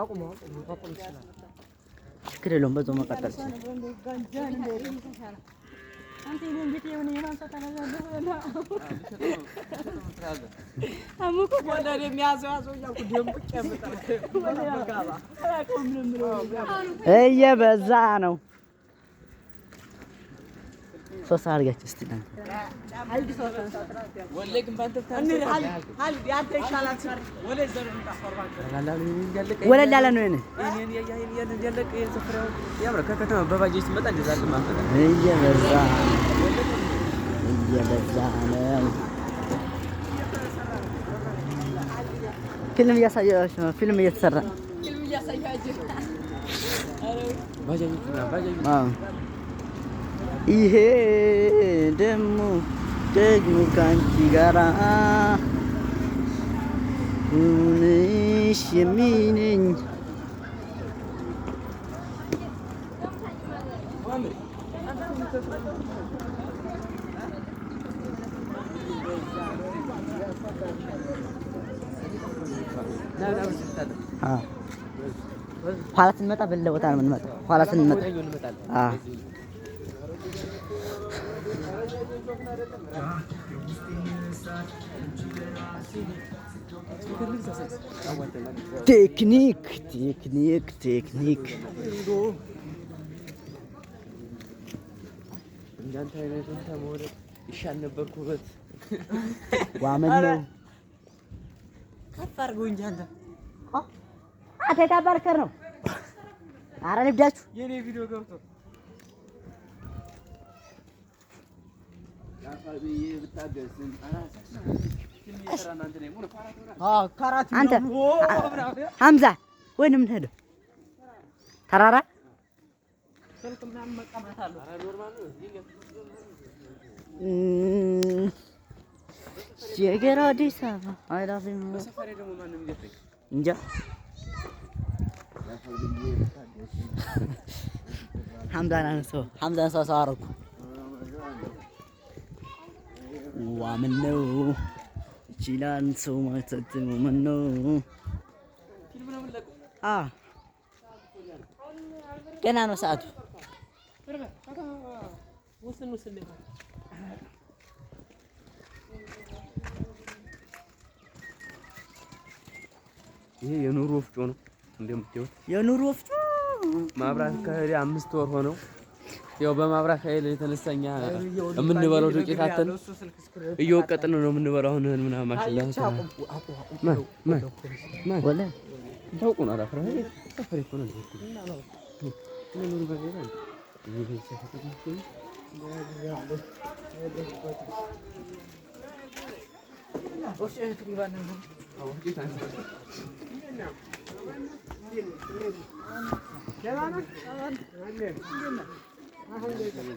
አቁሞ አቁሞ ችግር የለውም። በዛው መቀጠል ይችላል። እየበዛ ነው። ሶስት አድርጋችሁ እስቲ ወለል ያለ ነው። እየበዛ እየበዛ ነው። ፊልም እያሳያችሁ ነው። ፊልም እየተሰራ ይሄ ደሞ ደግሞ ከአንቺ ጋራ ሁንሽ የሚነኝ ኋላ ስንመጣ በሌላ ነው የምንመጣው። ኋላ ስንመጣ ቴክኒክ ቴክኒክ ቴክኒክ እንዳንተ አይነቱን ተመውደቅ ይሻል ነበር። ኩበት ዋመን ነው ከፍ አድርገው እንጂ አንተ አተካባርከር ነው። አረ ልብዳችሁ የኔ ቪዲዮ ገብቶ አንተ ሀምዛ ወይን የምንሄደው ተራራ የገራ አዲስ አበባ እንጃ ሀምዛን አነሳው ሀምዛን ሰው ሰው አደረኩ። ዋምን ነው ይችላል ሰው ማተት ምን ነው አ ገና ነው ሰዓቱ። ይሄ የኑሮ ወፍጮ ነው እንደምታዩት፣ የኑሮ ወፍጮ ማብራት ከሄደ አምስት ወር ሆነው ያው በማብራት ኃይል የተነሳኛ የምንበላው ዱቄታትን እየወቀጥን ነው የምንበላው። አሁን እህል ምናምን ማሽላ ታውቁ ማነው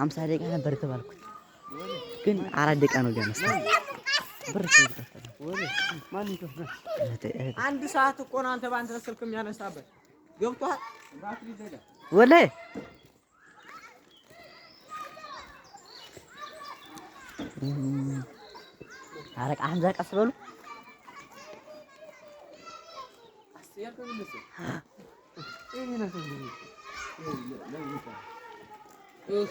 ሀምሳ ደቂቃ ነበር የተባልኩት ግን አራት ደቂቃ ነው ቢያነሳ ብር አንድ ሰዓት እኮ ነው አንተ በአንተ ስልክ የሚያነሳበት ገብቷል ወለ አረቃ ሀምዛ ቀስ በሉ Yes.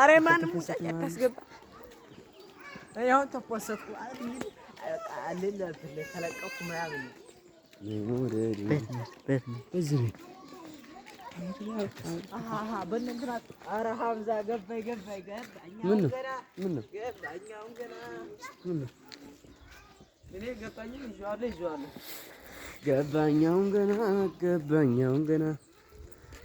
ኧረ ማንም ውጫጭ አታስገባ። እኔ አሁን ተፖሰትኩ ተለቀኩ ምናምን ገና ገባኛውን ገና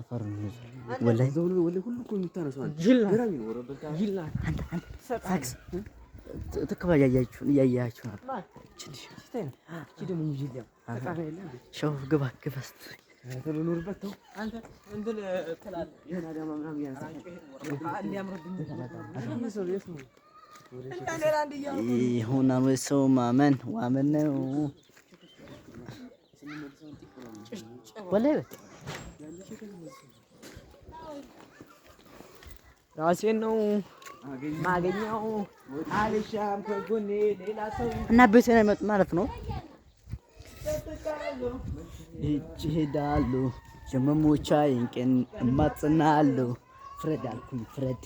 ሰፈር ይሁን ሰው ማመን ዋመን ነው። ራሴን ነው ማገኘው። አልሻም ከጎኔ ሌላ ሰው እና ቤቴ ነው የሚመጡት ማለት ነው። ይህች ሄዳሉ የመሞቻዬን ቀን እማጽናለሁ። ፍረድ አልኩኝ ፍረድ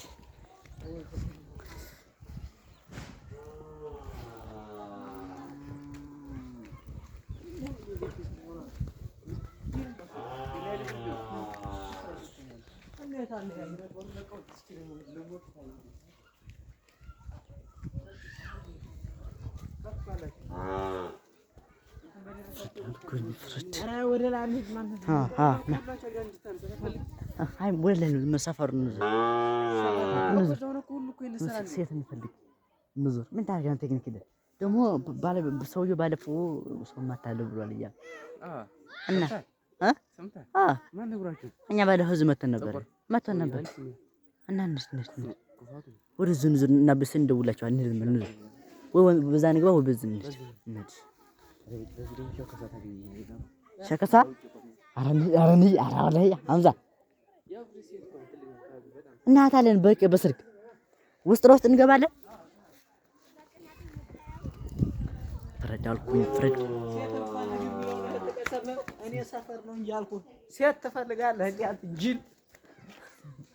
ወደ ላይ ነው ሰፈሩ። ሴት እንፈልግ ምዙር ምን ታደርጋለህ? ቴክኒክ ሄደህ ደግሞ ሰውዬው ባለፈው ሰው ማታለህ ብሏል እያለ እና እኛ ባለፈው እዚህ መተን ነበር መቶ ነበር እና እንስ እንስ ወደ ዙን ዙን እና ብስ እንደውላቸው አንልም እንል ወይ በዛ ንግባ ወይ በዚህ እንስ ሸከሳ አረኒ አረኒ አራላይ እናታለን በቅ በስልክ ውስጥ ለውስጥ እንገባለን። ፍረድ አልኩኝ ፍረድ እኔ ሰፈር ነው እንጂ ሴት ትፈልጋለህ ጅል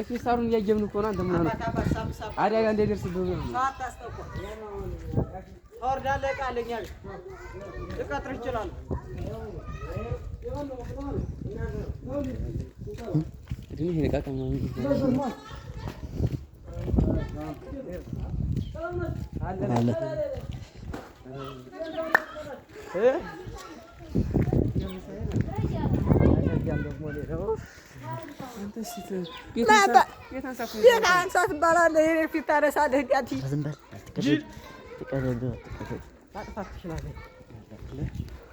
ኤክስሳሩን እያየምን እኮ ነው። አንተ ምን ሆነህ አደጋ እንዳይደርስብህ ትቀጥር ይችላል ቤት አንሳ ትባላለህ። ፊት ታነሳለህ።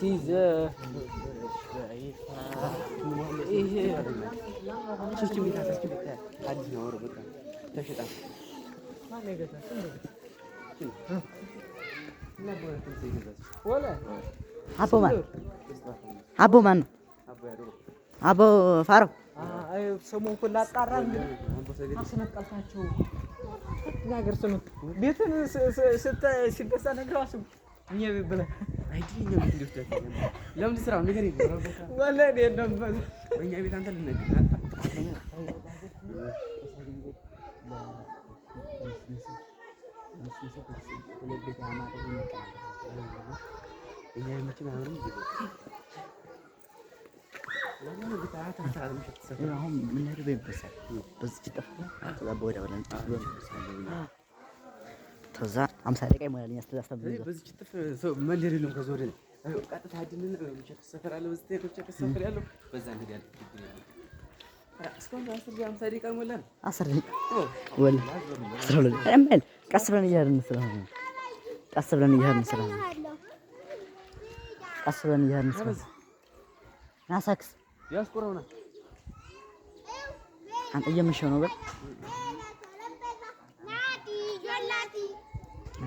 تيزاه ايه شفت بتاع شفت بتاع حد نور بتاع تمشي تعال ما نقدر شنو ولا عبو من عبو من አቦ ፋሮ ስሙን ሁሉ አጣራ። አስነቀልታችሁ ነገር ስሙ ቤትን ሲበሳ ነገር ስሙ እኛ ቤት ብለህ አሁን የምንሄደው በሚበሳል በዚህ ጠፍ ወደ ከዛ አምሳ ደቂቃ ይሞላል። ቀስ ብለን እያህርን ስለሆነ ቀስ ብለን እያህርን ስለሆነ ቀስ ብለን እያህርን ስለሆነ ናሳክስ እየመሸው ነው በል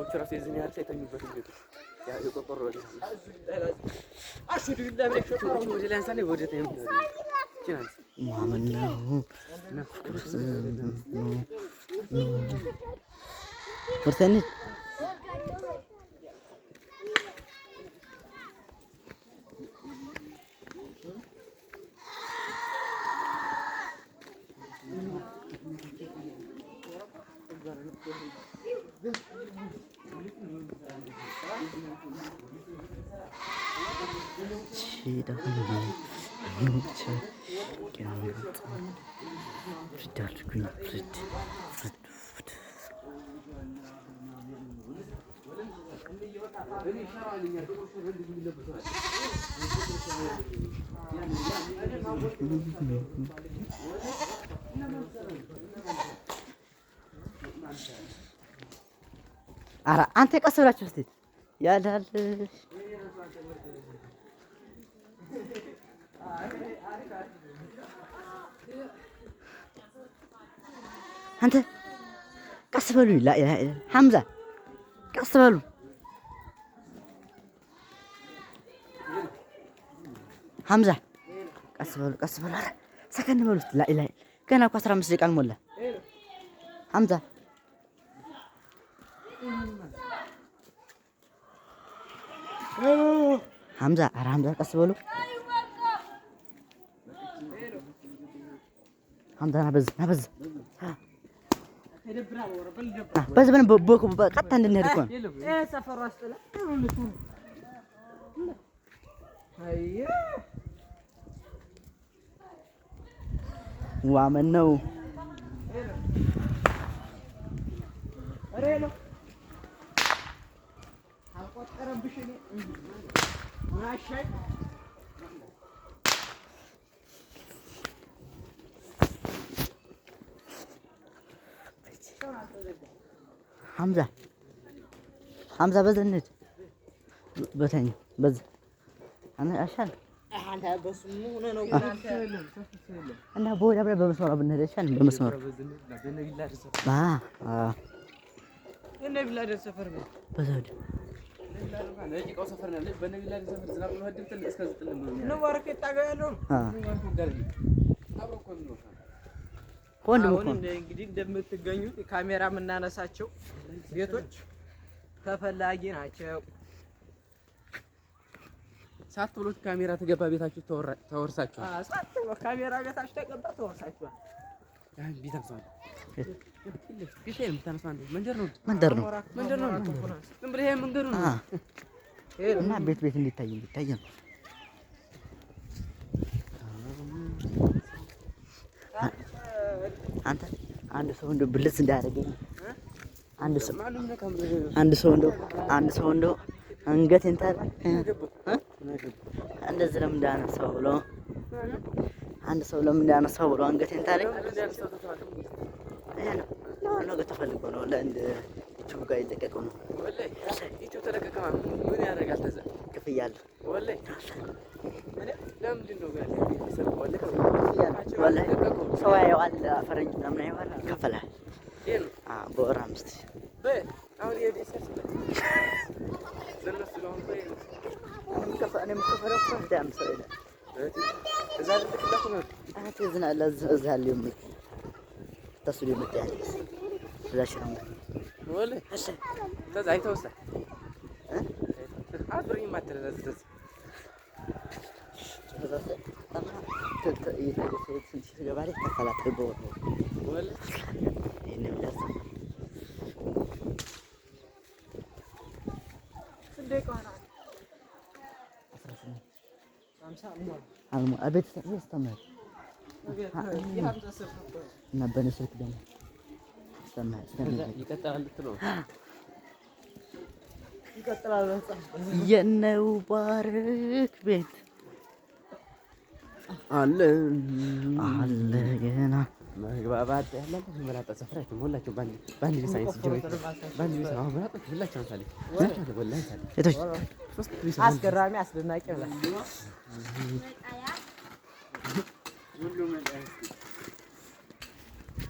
እቃዎች ራሱ የዝን ያህል ሳይተኙበት ቤቱ የቆቆሮ Thank you. 시다 하나님 행차 견다 프리다르 군 프리트 프리트 프리트 አረ አንተ ቀስ ብላችሁ እስቲ ያዳል አንተ ቀስ በሉ ሐምዛ ቀስ በሉ። ሐምዛ ቀስ በሉ ቀስ በሉ። ኧረ ሰከን በሉት። ላኢላ ገና እኮ 15 ደቂቃ አልሞላ። ሐምዛ حمزة على حمزة قص بلو حمزة نبز نبز بس بنا بوك قطع عندنا هركون ايه سفر راسلة هيا وعملناه ريلو حلقات قرب بشني ሐምዛ ሐምዛ በዛ እንሂድ በተኝ በዛ አይሻልም? እና በወዳ ብላ በመስመሯ ብንሄድ አይሻልም? በመስመሯ በነቢላ ደርሰፈር አሁን እንግዲህ እንደምትገኙት ካሜራ የምናነሳቸው ቤቶች ተፈላጊ ናቸው። ሳት ብሎት ካሜራ ተገባ ቤታችሁ ተወርሳችኋል። ሳት ካሜራ ቤታችሁ ተገባ ተወርሳችኋል። መንደር ነው እና ቤት ቤት እንዲታይ እንዲታይ ነው። አንተ አንድ ሰው እንደው ብልስ እንዳያደርገኝ አንድ ሰው አንድ ሰው እንደው አንድ ሰው እንደው አንገት እንታል እንደዚህ ለምን እንዳነሳው ብሎ አንድ ሰው ለምን እንዳነሳው ብሎ አንገት እንታል ለሆነ ነገር ተፈልጎ ነው። ለአንድ ዩቱብ ጋር የለቀቀው ነው። ዩቱብ ተለቀቀ ምን ያደርጋል? ተዛ ክፍያ አለ። ሰው ያየዋል፣ ፈረንጅ ምናምን ያየዋል፣ ይከፈላል በወር አምስት እዛ تصلي بالتالي لا شرم ولا اش تزعي توسع عبري ما تلزز أنا أبيت تستمر. እና በእኔ ስልክ ደግሞ የነው ባርክ ቤት አለ አለ ገና መግባባት መላጣ ሁላችሁ በአንድ ሳይንስ አስገራሚ አስደናቂ ብላ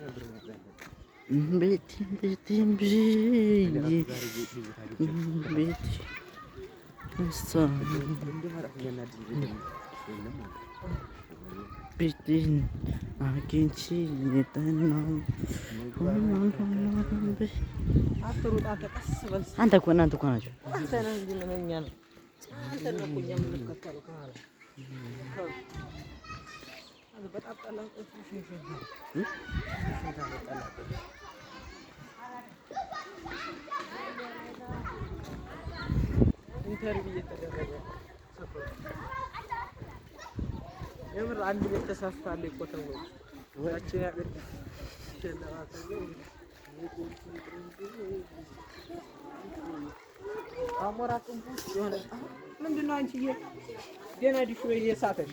Betty, Betty, Betty, Betty, Betty, Betty, Betty, Betty, Betty, Betty, Betty, Betty, Betty, ኢንተርቪው እየተደረገ የምር አንድ ቤት ተሳፍታለ ቆተው ወራችን ያገድ አሞራ ጥንቡ የሆነ ምንድነው አንቺዬ ገና ዲሹ እየሳተሽ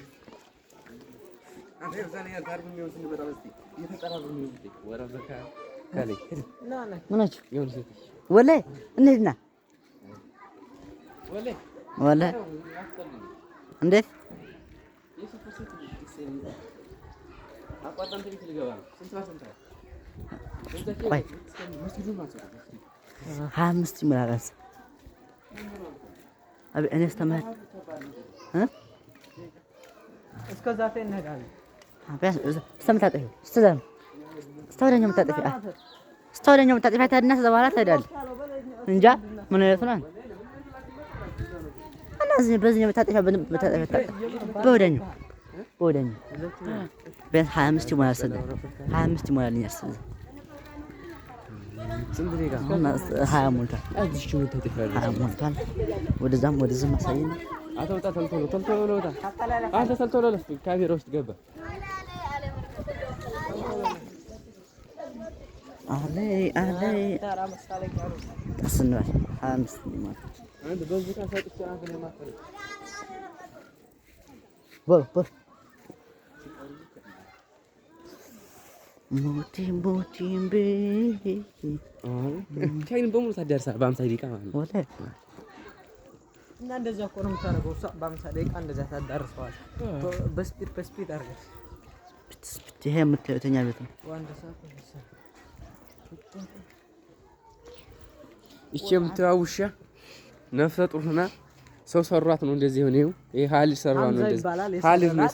ወላይ እንዴት ነህ? ወላይ እንዴት ሀያ አምስት ይምላል። እኔስ ተምህርት እስከ ዛፌ እንሄዳለን እስከምታጠፊ እስከ ወዲያኛው የምታጠፊ እስከ ወደዛም ወደዚህም አሳየን። አቶ ተልቶሎ ተልቶሎ ተልቶሎ ካሜራ ውስጥ ገባ አሁን ላይ አሁን ላይ ቀስኗል። ሀያ አምስት ሻይን በሙሉ ታደርሳ በአምሳ ደቂቃ ማለት ነው። እና እንደዚያ እኮ ነው የምታደርገው። እሷ በአምሳ ደቂቃ እንደዚያ ታዳርሰዋል። በስፒድ በስፒድ አድርገሽ ይሄ የምታየው ተኛ ቤት ነው። ይቺ የምታየው ውሻ ነፍሰ ጡር ሆና ሰው ሰሯት ነው እንደዚህ ሆነ። ይኸው ይሄ ሀሊል ሰሯ ነው እንደዚህ ሀሊል ነው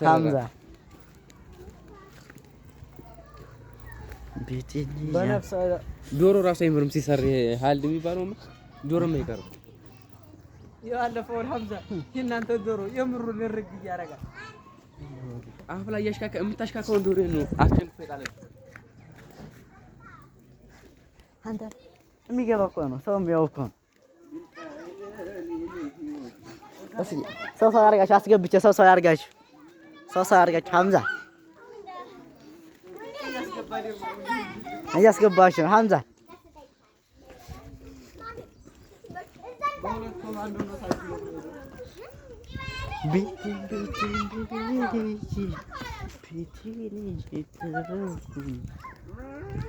ሰራ ዶሮ ራሱ አይምርም ሲሰር ሀሊል የሚባለው ዶሮም አይቀርም። ያለፈውን ሀምዛ የእናንተ ዶሮ የምሩ ርግ እያደረጋል አፍላ ላይ የምታሽካከውን ዶሮ ነው አስጨንቆ ይጣላል። አንተ የሚገባ እኮ ነው ሰው የሚያው እኮ ነው። ሰው ሰው አድርጋችሁ አስገብቼ ሰው ሰው ያርጋችሁ ሰው ሰው ያርጋችሁ ሐምዛ እያስገባችሁ ሐምዛ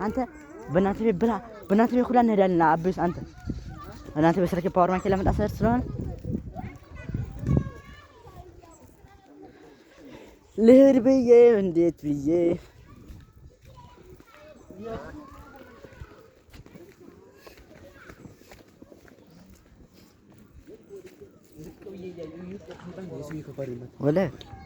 አንተ በእናትህ ብላ በእናንተ ቤት ሁላ እንሄዳለን። አብስ አንተ እናንተ በስልክ ፓወር ማኪ ለመጣ ሰር ስለሆነ ልሂድ ብዬ እንዴት ብዬ ወለ